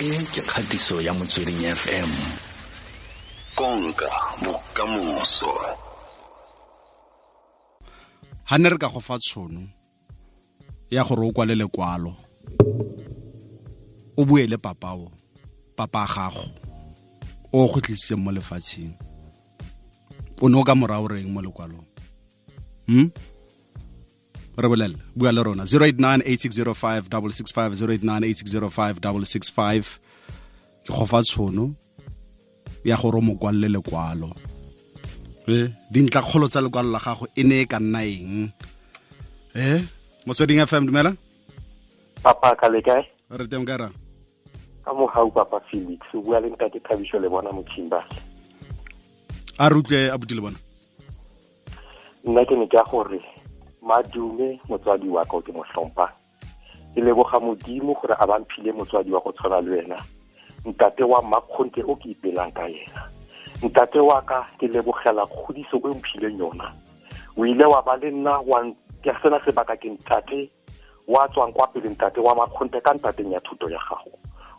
e ke kgatiso ya motsweding fm konka bokamoso ga ne re ka go fa tshono ya gore o kwale lekwalo o bue le papao papa gago o go tlisitseng mo lefatsheng o ne o ka morao reng mo lekwalong hm re bolele bua le rona 089 0898605665 ke gofa fa tshono ya gore o mo lekwalo e ee, dintlha kgolo tsa lekwalo la gago e ne e ka nna eng e ee, motsweding fm dumela papa ka le kae re teng ka rang ka mogau papa felix o bua le ntate thabiso le bona mochimbase a re utlwe a buti le bona nna ke ne ke ya gore madume motswadi wa ka o ke mo hlompa ke leboga modimo gore a bamphile motswadi wa go tshwana le wena ntate wa makgonte o ke ipelang ka yena ntate wa ka ke lebogela kgodiso e o mphileng yona o ile wa ba le nna wa ke sena sebaka ke ntate wa tswang kwa pele ntate wa makgonte ka ntateng ya thuto ya gago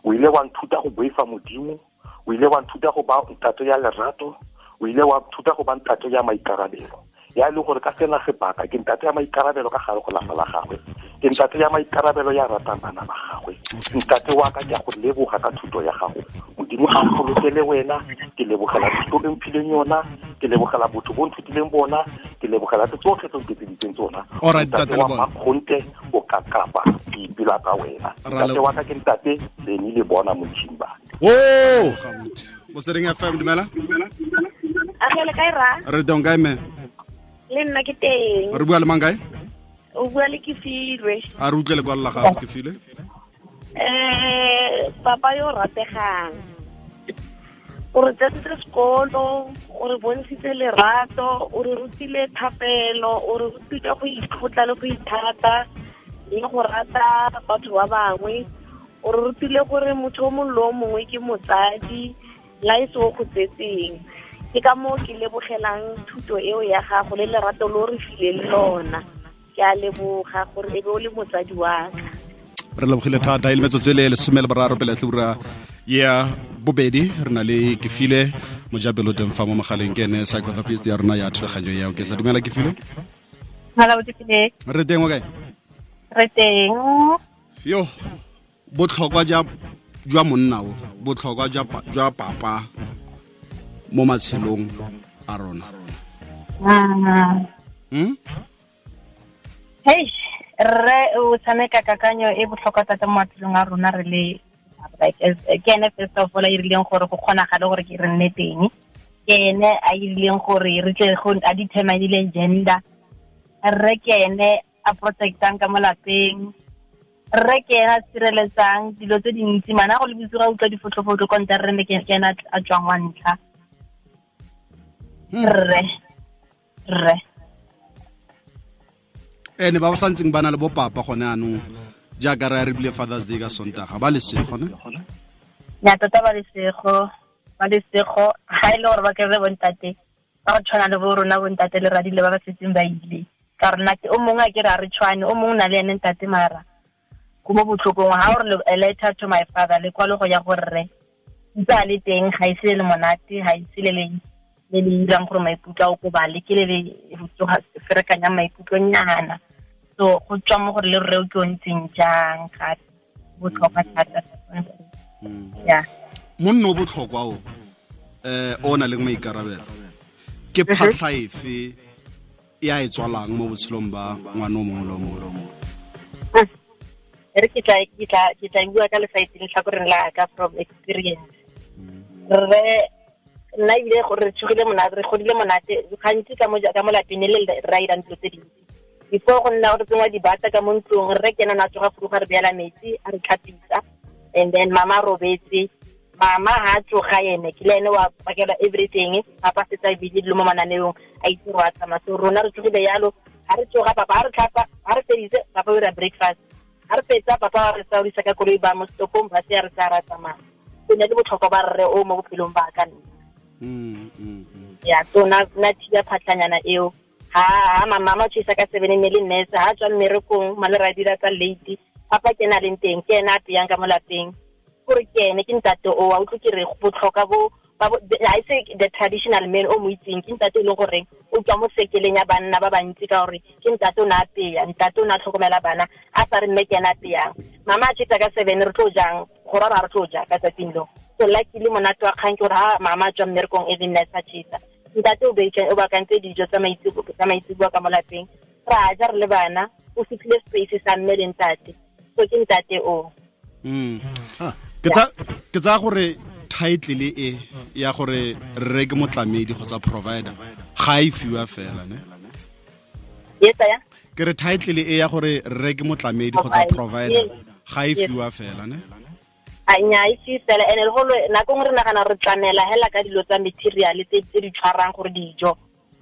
o ile wa nthuta go boifa modimo o ile wa nthuta go ba ntate ya lerato o ile wa nthuta go ba ntate ya maikarabelo ya le gore ka fela sebaka ke ntate ya maikarabelo ka gare go lapa la gagwe ke ntate ya maikarabelo ya ratang bana ba gagwe ntate wa ka ke go leboga ka thuto ya gago modimo a golokele wena ke lebogela thuto e mphileng yona ke lebogela botho bo nthutileng bona ke lebogela tse tsotlhe tse nketseditseng tsona ntate wa makgonte o ka kapa ke ipela ka wena ntate wa ka ke ntate leni le bona motšhing oh! bane o fm dumela re donkae me le nna ke teng re bua le mang kae o bua le ke filwe a re utlwele kwa lla gago ke filwe um eh, papa yo rategang o re tsetsitse sekolo o re bontshitse lerato o re rutile thapelo o re rutile go itlotla le go ithata le go rata batho ba bangwe o re rutile gore motho o mongwe le o mongwe ke motsadi la o go tsetseng ke ka mo ke lebogelang thuto eo ya gago le lerato lo re fileng lona ke a leboga gore e be o le motsadi wa ka re lebogile thata e le e le lesome le boraro pele tlhura ya bobedi re na le ke file mojabelo teng fa mo mogaleng ke ene psychotherapist ya rona ya thulaganyo ya ke sa dumela ke file re teng okae re teng yo botlhokwa jwa monna o botlhokwa jwa papa mo matshelong a rona mm hey re o tshameka kakanyo e botlhokwa thata mo matshelong a rona re le like ke ene first of all a irileng gore go kgonagale gore ke re nne teng ke ene a irileng gore re tle go a determinile gender re ke ene a protectang ka mo lapeng ke ena a sireletsang dilo tse dintsi mana go le bosigo a utlwa difotlofotlo konta re ne ke ena a tswang wa ntlha Hmm. rre rre ene eh, ba ba santseng ba na le papa gone anong jaaka re a rebile fathers day ka sontaga ba lesego ne nya tota ba lesego ba lesego ga e le gore ba kry bontate ba go tshwana le bo rona bontate le radile ba ba setseng ba ile ka rona o mongwe a kere a re tshwane o mongwe na le ene ntate mara ko mo botlhokong ga gore a letter to my father le kwalogo ya gorre ntse a le teng ga ise e le monate ga ise e le leng le le irang gore maikutlo a okobale ke le le ferekanya maikutlo nyana so go tswa mo gore le o ke o ntseng jang gape botlhokwa thata hmm. ya monno o botlhokwa o eh o na le maikarabelo ke mhm. phatlha efe e a e tswalang mo botshelong ba ngwana o mongwe le mongwe eh, re ke tla ke tla ke tla bua ka lefaitseng tlhakoreng la ka from experience hmm. re nna ebile gore re tshogile monate re godile monate gantsi ka mo lapeng e le ra irang dilo tse dintsi before go nna gore tsengwa dibata ka mo ntlong re kena na tsoga fologa re beela metsi a re tlhapisa and then mama robetse mama ha tsoga ene ke le ene wa pakela everything papa setsa bidi dilo mo mananeong a itse go a tsamaya so rona re tsogile yalo ha re tsoga papa ha re tlhapa ha re feditse papa o ira breakfast ha re fetsa papa a re tsa ka koloi ba mo stokong ba se re tsa ra tsamaya ke ne le botlhokwa ba rre o mo bophelong ba ka nne Mm, mm, mm. ya so na na phatlhanyana eo ha ha mama ma ka seven ne le nurse ha tswa mmerekong malera le dira tsa late papa ke na leng teng ke ena a peyang ka mo lapeng gore ke ene ke ntate o a utlwe kere re bo ha ise e the traditional man o mo itseng ke ntate e leng gore o tswa mo sekeleng ya banna ba bantsi ka gore ke ntate o ne a peya ntate o ne a tlhokomela bana a sa re mme ke ena a peyang mama a tshisa ka seven re tlo jang goraro ga re tlo ja ka tsatsing leo so luckily monate wa kgang ke gore ga mama tswa mmerekong e le nna sa chisa ntate o beitšang o bakantse dijo tsa maitseboa ka mo lapeng ra ja re le bana o fitlhile space sa mme le ntate so ke ntate o mm. ah, ke tsaya gore title e ya gore re ke motlamedi kgotsa provider ga e fiwa fela ne ke re title e ya gore re ke motlamedi kgotsa provider ga e fiwa fela ne anya itse fela ene le golo nako ngwe re nagana re tlamela hela ka dilo tsa material tse di tshwarang gore dijo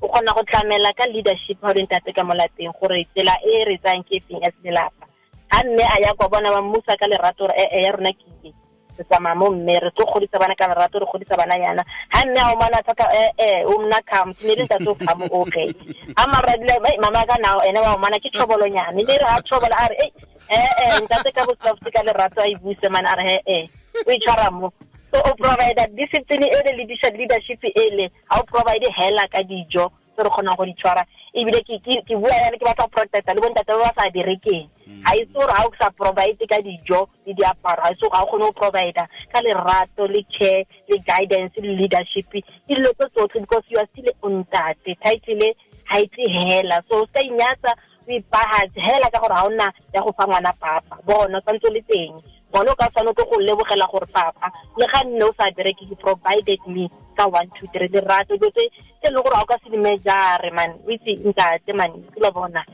o kgona go tlamela ka leadership ga o ntate ka molateng gore tsela e re tsang ke feng as lelapa ga mme a ya kwa bona ba mmusa ka lerato gore ee ya rona ke eng re tsamaya mo mme re tlo godisa bana ka lerato re godisa bana yana ga mme a o mana thata ee o mna kamo ne le ntate o kamo okay a marabile mama ka nao ene wa o mana ke thobolonyane le re a thobolo a re e-e eh, eh, nkate ka bosofte ka lerato a e buse mane a re he-e o itshwara e mo so o provide discipline ele le dišha leadership ele e ga o provide hela ka dijo se re kgonang go di tshwara ebile ke bua yane ke batla go protecta le bontate ba ba sa direkeng ga mm. e se gore ga o sa provide ka dijo le diaparo ga e se gore ga o kgone go provide ka lerato le care le guidance le leadership ke dilo tse tsotlhe because you are still ontate title ga e, e tle hela so sa inyatsa sepagatse hela ka gore ga o nna ya go fa ngwana papa bona tshwanetse le teng bona o ka tshwane ke go lebogela gore papa le ga nne o sa he provided me ka one two three lerato dilo tse e leng gore ga o ka man o itse ntate man bona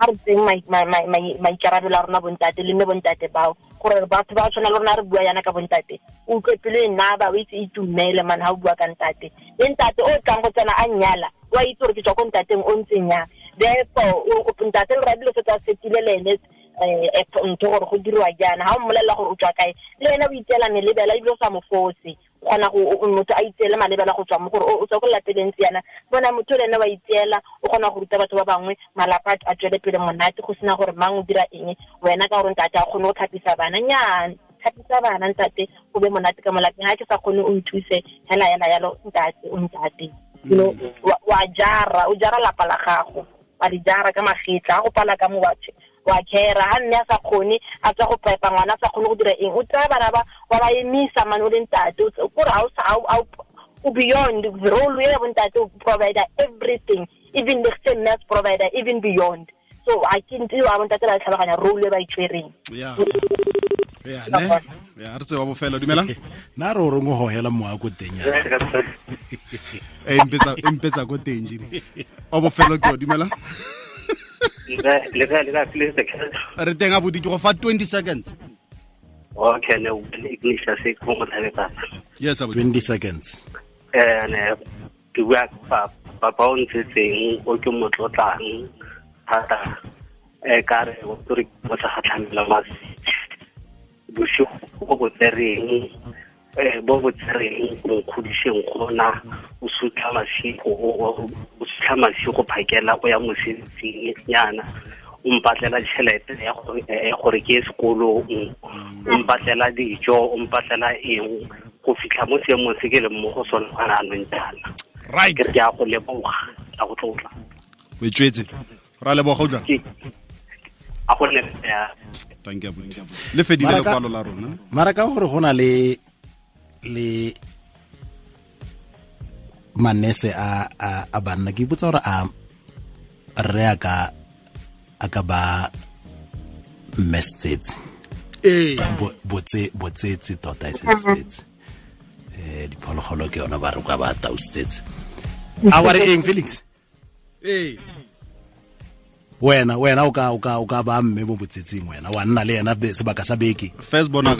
a re tseng maikarabelo a rona bontate le mme bontate bao gore batho ba tshwana le rona re bua yana ka bontate o utlwe pelo e naba o itse itumele man ga o bua ka ntate le ntate o tlang go tsena a nnyala o a itse gore ke tswa ko ntateng o ntseng yang therefore ntate le rabile se tsa setile le ene eh, ntho gore go diriwa jaana ga o mmolelela gore o tswa kae le ene o itseela melebela ebile o sa mo fose kgona motho a itseele malebela go tswa mo gore o tswa ko lateleng tseyana bona motho le ene wa itseela o kgona go ruta batho ba bangwe malapa a tswele pele monate go sena gore mang o dira eng wena ka gore ntate a kgone go thapisa bana nnyane thapisa bana ntate go be monate ka molapeng ga ke sa kgone o nthuse hela hela yalo ntate o ntate you know mm-hmm. wa jara o jara lapa la gago wa di jara ka magetla go pala ka mo batho wa kera ha nne a sa kgone a tsa go pepa ngwana a sa kgone go dira eng o tsaya baraba wa ba emisa mane o leng ntate kore o beyond the role ya bontate o provider everything even the same nurse provider even beyond so a ke ntse wa bontate ba tlhaloganya role e ba itshwereng e ya ne ya re bofelo dumelang na re o reng o gohela moa ko teng e ko teng jene o bofelo ke o dumela re teng a bodi ke go fa 20 seconds yes 20 seconds eh, ke bua papa o ntsetseng o ke motlotlang thata e ka re o tsore mo sa bosigo go go tsereng um bo botsereng e mo nkgodiseng gona o sutla masigo o sutlha masiko phakela o ya mosebetsing e nyana o mpatlela tšhelete ya gore ke ye sekolong o mpatlela dijo o mpatlela eng go fitlha mo seemong se ke leng mo go sone gona anong jana right ke ya go leboga ya go tlotla o etswetse ra leboga utlwa a go nne le fedile lekwalo la rona mara ka gore go le le manese a a, a banna ke botsa gore a re a ka a ka ba mmesetsetse ee botse botsetse tota e setsetse eh diphologolo ke ona ba re kwa ba tausetsetse a wa re eng felix ee wena wena o ka o ka o ka ba mme mo botsetseng wena wa nna le yena sebaka sa beke first bona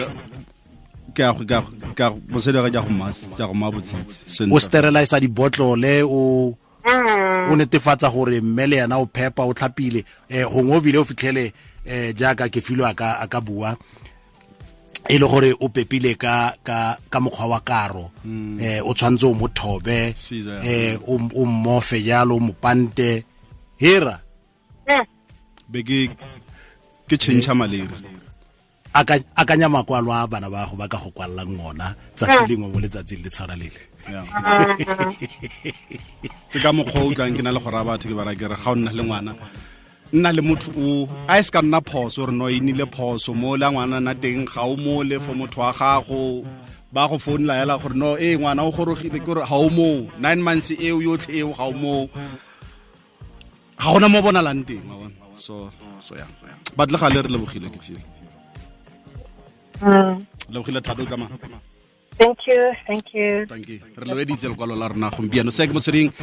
ke a boselere ja go ma botsitsi o sterilize dibotlole o o netefatsa gore mme le o phepa o tlhapile um gongwe o bile o fitlhele ja eh, jaaka ke filo a ka bua e le gore o pepile ka ka ka mokgwa wa karo hmm. eh o tshwantse o mothobe eh o mmofe jalo o mopante hera eh. be ke ke tshentsha maleri akanya makwalo a bana ba go ba ka go kwalelang ngona tsatsi lengwe mo letsatsing le tshwana lele ke ka mokgwa o utlwang ke na le gore a batho ke bara kere ga o nna le ngwana nna le motho o a e se ka nna phoso re no e nnile phoso mo la ngwana na teng ga o mole for motho wa gago ba go founela yala gore no e ngwana o gorogile ke ga o moo nine months eo yotlhe eo ga o moo ga gona mo bonalang teng so so ya batle ga le re lebogile ke fele Mm. lebogile thata o tsamaya thank you thank you thank you re loeditse lekwalo la rona gompieno se ke motsweding